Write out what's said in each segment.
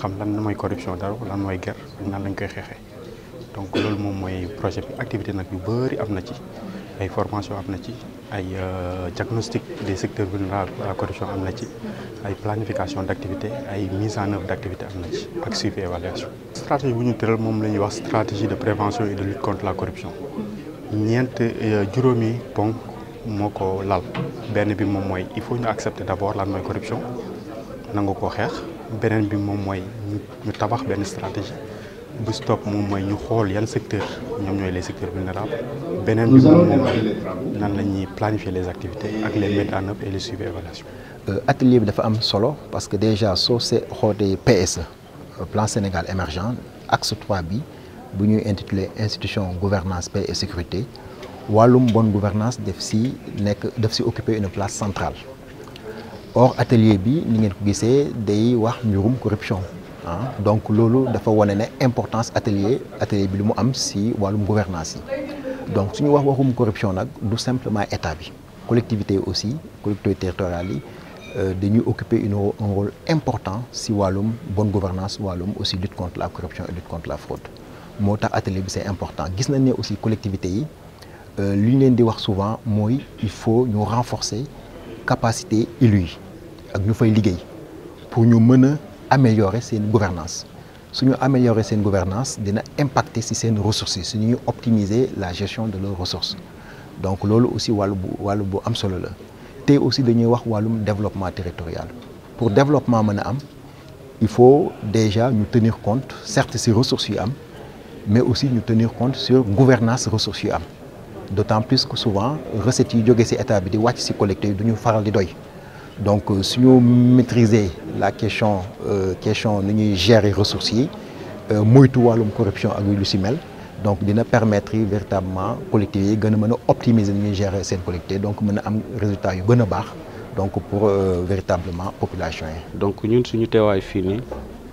xam lan mooy corruption dara lan mooy guerre nan lañ koy xeexee donc loolu moom mooy projet bi activité nag yu bëri am na ci ay formation am na ci ay euh, diagnostic des secteurs vulnérables à la corruption am na ci ay planification d' activité ay mise en œuvre d' activité am na ci ak suivi évaluation stratégie bu ñu tëral moom la ñuy wax stratégie de prévention et de lutte contre la corruption ñeent euh, juróomi ponk moo ko lal benn bi moom mooy il faut ñu accepter d' abord lan mooy corruption nangu koo xeex nous bi moom mooy ñu tabax benn stratégie bu stop moom mooy ñu xool yan secteur ñoom ñooy les secteurs vulnérables beneen bi nan planifier les activités ak les mettre en œuvre et les suivre évaluation euh, atelier bi dafa am solo parce que déjà soo see xoolee ps e, euh, plan Sénégal émergent axe 3 bi bu intitulé institution gouvernance paix et sécurité wàllum bonne gouvernance def si nekk def occuper une place centrale or atelier bi ni ngeen ko gisee day wax mbirum corruption Donc, ah, donc loolu dafa wane ne importance atelier atelier bi lu mu am si walum gouvernance donc suñu wax waxum corruption nak du simplement état bi collectivité aussi collectivité territoriale yi euh, occuper une un rôle important si walum bonne gouvernance walum aussi lutte contre la corruption et lutte contre la fraude Motax atelier bi c'est important gis nañ ne aussi collectivité yi euh, li ñu leen di wax souvent moy il faut ñu renforcer capacité élu ak ñu fay liggéey pour ñu mener améliorer seen gouvernance suñu améliorer seen gouvernance dina impacter ci ressources Si nous optimiser la gestion de nos ressources donc c'est aussi wàllu bu am solo aussi dañuy développement territorial pour le développement il faut déjà nous tenir compte certes ces ressources mais aussi nous tenir compte sur gouvernance ressources d'autant plus que souvent recettes yi jóge ci état bi di wàcc ci des donc euh, si nous maîtriser la question euh, question de gérer ressources yi euh, moytu wàllum corruption ak lu si donc dina permettre véritablement collectivités yi gën de gérer cette collecte, donc nous a un résultat yu est donc pour véritablement population donc nous suñu fini nous nii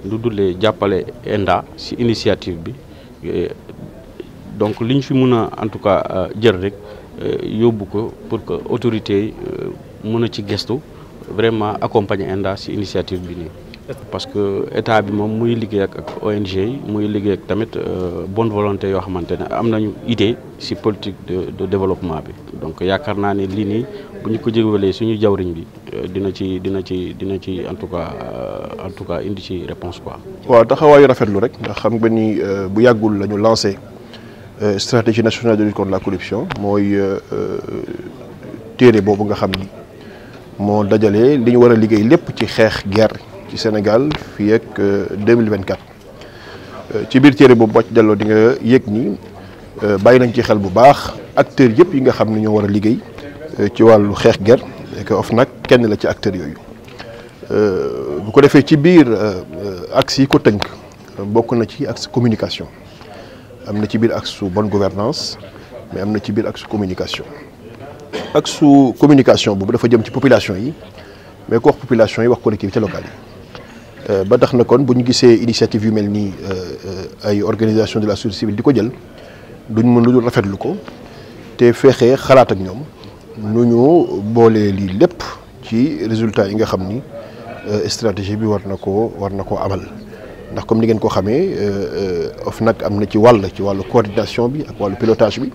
nous dul jàppale ENDA si initiative bi donc li ñu fi en tout cas jël rek pour que l'autorité yi ci vraiment accompagner ENDA ci initiative bi nii. parce que état bi moom muy liggéey ak ONG yi muy liggéey ak tamit euh, bonne volonté yoo xamante ne idée ci politique de de développement bi. donc yaakaar naa ne lii nii bu ñu ko jégalee suñu jawriñ bi euh, dina ci dina ci dina ci en tout cas euh, en tout cas indi ci réponse quoi. waaw taxawaayu rafetlu rek ndax xam nga ni bu yàggul la ñu stratégie nationale de lutte contre la corruption mooy téere boobu nga xam ni moo dajale li ñu war a liggéey lépp ci xeex guerre ci Sénégal fii ak 2024 euh, euh, ci biir téere bu boo ci delloo di nga yëg ni euh, bàyyi nañ ci xel bu baax acteurs yëpp yi nga xam ne ñoo war a liggéey ci wàllu xeex guerre que of nag kenn la ci acteurs yooyu bu ko defee ci biir axe yi ko tënk bokk na ci axe communication am na ci biir axe su bonne gouvernance mais am na ci biir axe communication ak su communication bobu dafa jëm ci population yi mais ko wax population yi wax collectivité locale yi euh, ba tax na kon buñu ñu gisee initiative yu mel euh ay organisation de la société civile diko jël duñ mën lu dul rafetlu ko té fexé xalaat ak ñom nuñu bolé li lii lépp ci résultat yi nga xamni euh, stratégie bi war na war na amal ndax comme ni ngeen ko euh of nak amna ci wàll ci wàllu coordination bi ak wàllu pilotage bi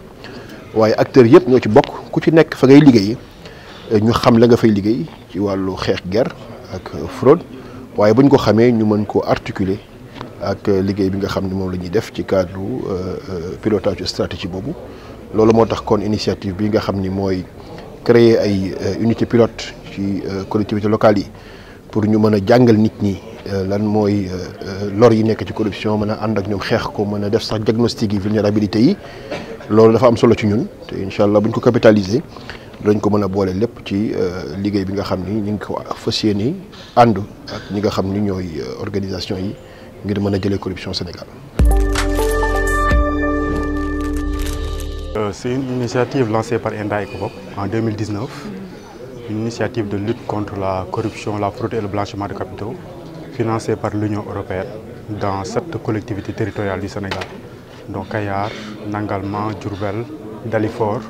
waaye acteurs yëpp ñoo ci bokk ku ci nekk fa ngay liggéey ñu xam la nga fay liggéey ci wàllu xeex ger ak fraude waaye bu ñu ko xamee ñu mën koo articuler ak liggéey bi nga xam ni moom la ñuy def ci cadre euh, pilotage stratégie boobu loolu moo tax kon initiative bi nga xam ni mooy créer ay euh, unité pilote ci euh, collectivités locale yi pour ñu mën a jàngal nit ñi lan mooy lor yi nekk ci corruption mën a ànd ak ñoom xeex ko mën a def sax diagnostic yi vulnérabilité yi lolu dafa am solo ci ñun té inshallah buñ ko capitaliser dañ ko mëna a boole lépp ci euh, liggéey bi nga xamni ni ngi ko fas yéene ànd ak ñi nga xamni ñoy euh, organisation yi ngir mëna corruption Sénégal. Euh, c'est une initiative lancée par ENDA et Covop en 2019, une initiative de lutte contre la corruption, la fraude et le blanchiment de capitaux, financée par l'Union européenne dans sept collectivités territoriales du Sénégal donc Kayar, Nangalman, Djurbel, Dalifor,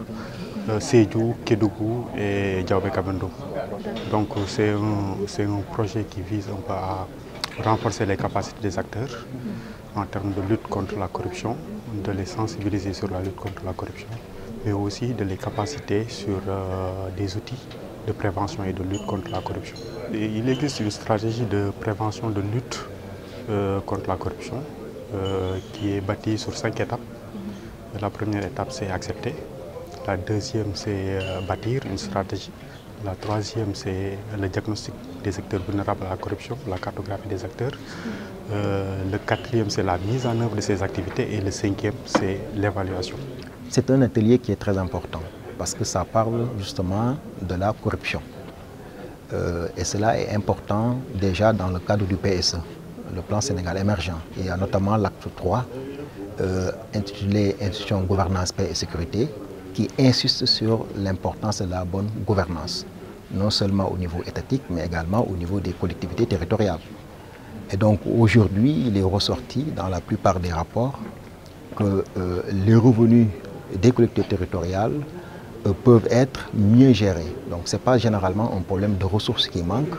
euh, Sejou, Kedougou et Djaoube Kabendo. Donc c'est un, projet qui vise à renforcer les capacités des acteurs en termes de lutte contre la corruption, de les sensibiliser sur la lutte contre la corruption, mais aussi de les capaciter sur euh, des outils de prévention et de lutte contre la corruption. il existe une stratégie de prévention de lutte euh, contre la corruption euh, qui est bâti sur cinq étapes. Mhm. La première étape, c'est accepter. La deuxième, c'est euh, bâtir une stratégie. La troisième, c'est le diagnostic des secteurs vulnérables à la corruption, la cartographie des acteurs. Mhm. Euh, le quatrième, c'est la mise en œuvre de ces activités. Et le cinquième, c'est l'évaluation. C'est un atelier qui est très important parce que ça parle justement de la corruption. et cela est important déjà dans le cadre du PSE le plan Sénégal émergent. Il y a notamment l'acte 3 euh, intitulé Institution gouvernance, paix et sécurité qui insiste sur l'importance de la bonne gouvernance, non seulement au niveau étatique, mais également au niveau des collectivités territoriales. Et donc aujourd'hui, il est ressorti dans la plupart des rapports que euh, les revenus des collectivités territoriales euh, peuvent être mieux gérés. Donc ce n'est pas généralement un problème de ressources qui manque,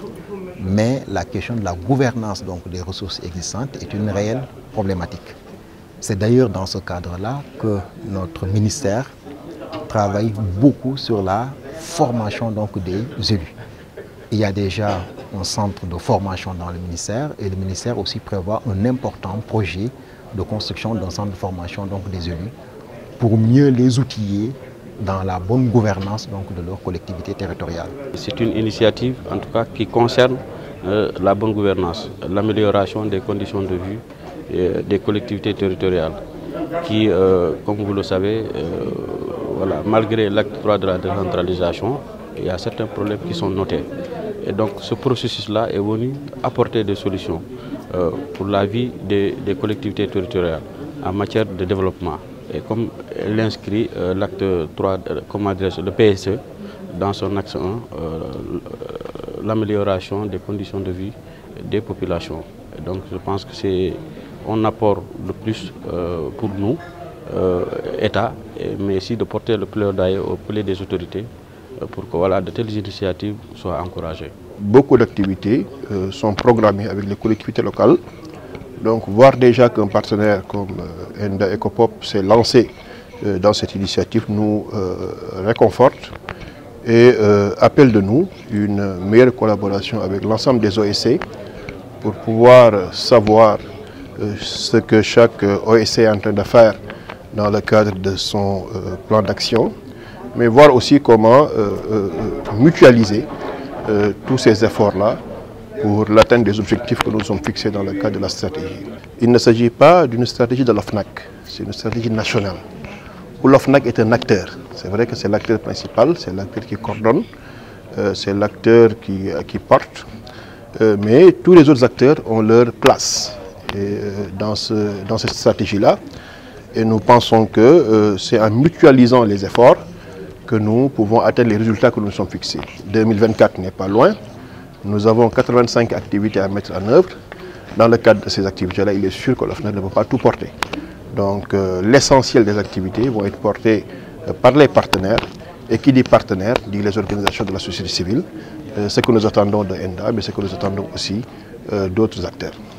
mais la question de la gouvernance donc, des ressources existantes est une réelle problématique. C'est d'ailleurs dans ce cadre-là que notre ministère travaille beaucoup sur la formation donc, des élus. Il y a déjà un centre de formation dans le ministère et le ministère aussi prévoit un important projet de construction d'un centre de formation donc, des élus pour mieux les outiller dans la bonne gouvernance donc, de leurs collectivités territoriales. C'est une initiative en tout cas qui concerne euh, la bonne gouvernance, l'amélioration des conditions de vie euh, des collectivités territoriales qui, euh, comme vous le savez, malgré l'acte 3 de la décentralisation, il y a certains problèmes qui sont notés. Et donc ce processus-là est venu apporter des solutions pour la vie des collectivités territoriales en matière de développement comme l'inscrit euh, l'acte 3, comme adresse le PSE, dans son axe 1, euh, euh, l'amélioration des conditions de vie des populations. donc je pense que c'est un apport le plus pour nous, État, mais aussi de porter le plaidoyer auprès des autorités pour que voilà, de telles initiatives soient encouragées. Beaucoup d'activités sont programmées avec les collectivités locales donc voir déjà qu'un partenaire comme euh, Enda Ecopop s'est lancé euh, dans cette initiative nous euh, réconforte et appelle de nous une meilleure collaboration avec l'ensemble des OSC pour pouvoir savoir ce que chaque OSC est en train de faire dans le cadre de son plan d'action, mais voir aussi comment mutualiser tous ces efforts-là pour l'atteinte des objectifs que nous sommes fixés dans le cadre de la stratégie. Il ne s'agit pas d'une stratégie de l'OFNAC, c'est une stratégie nationale, où l'OFNAC est un acteur. C'est vrai que c'est l'acteur principal, c'est l'acteur qui coordonne, euh, c'est l'acteur qui, euh, porte, euh, mais tous les autres acteurs ont leur place dans, cette stratégie-là. Et nous pensons que c'est en mutualisant les efforts que nous pouvons atteindre les résultats que nous nous sommes fixés. 2024 n'est pas loin, nous avons 85 activités à mettre en œuvre. Dans le cadre de ces activités-là, il est sûr que l'OFNAC ne va pas tout porter. Donc euh, l'essentiel des activités vont être portées euh, par les partenaires. Et qui dit partenaires, dit les organisations de la société civile. Euh, ce que nous attendons de ENDA, mais ce que nous attendons aussi d'autres acteurs.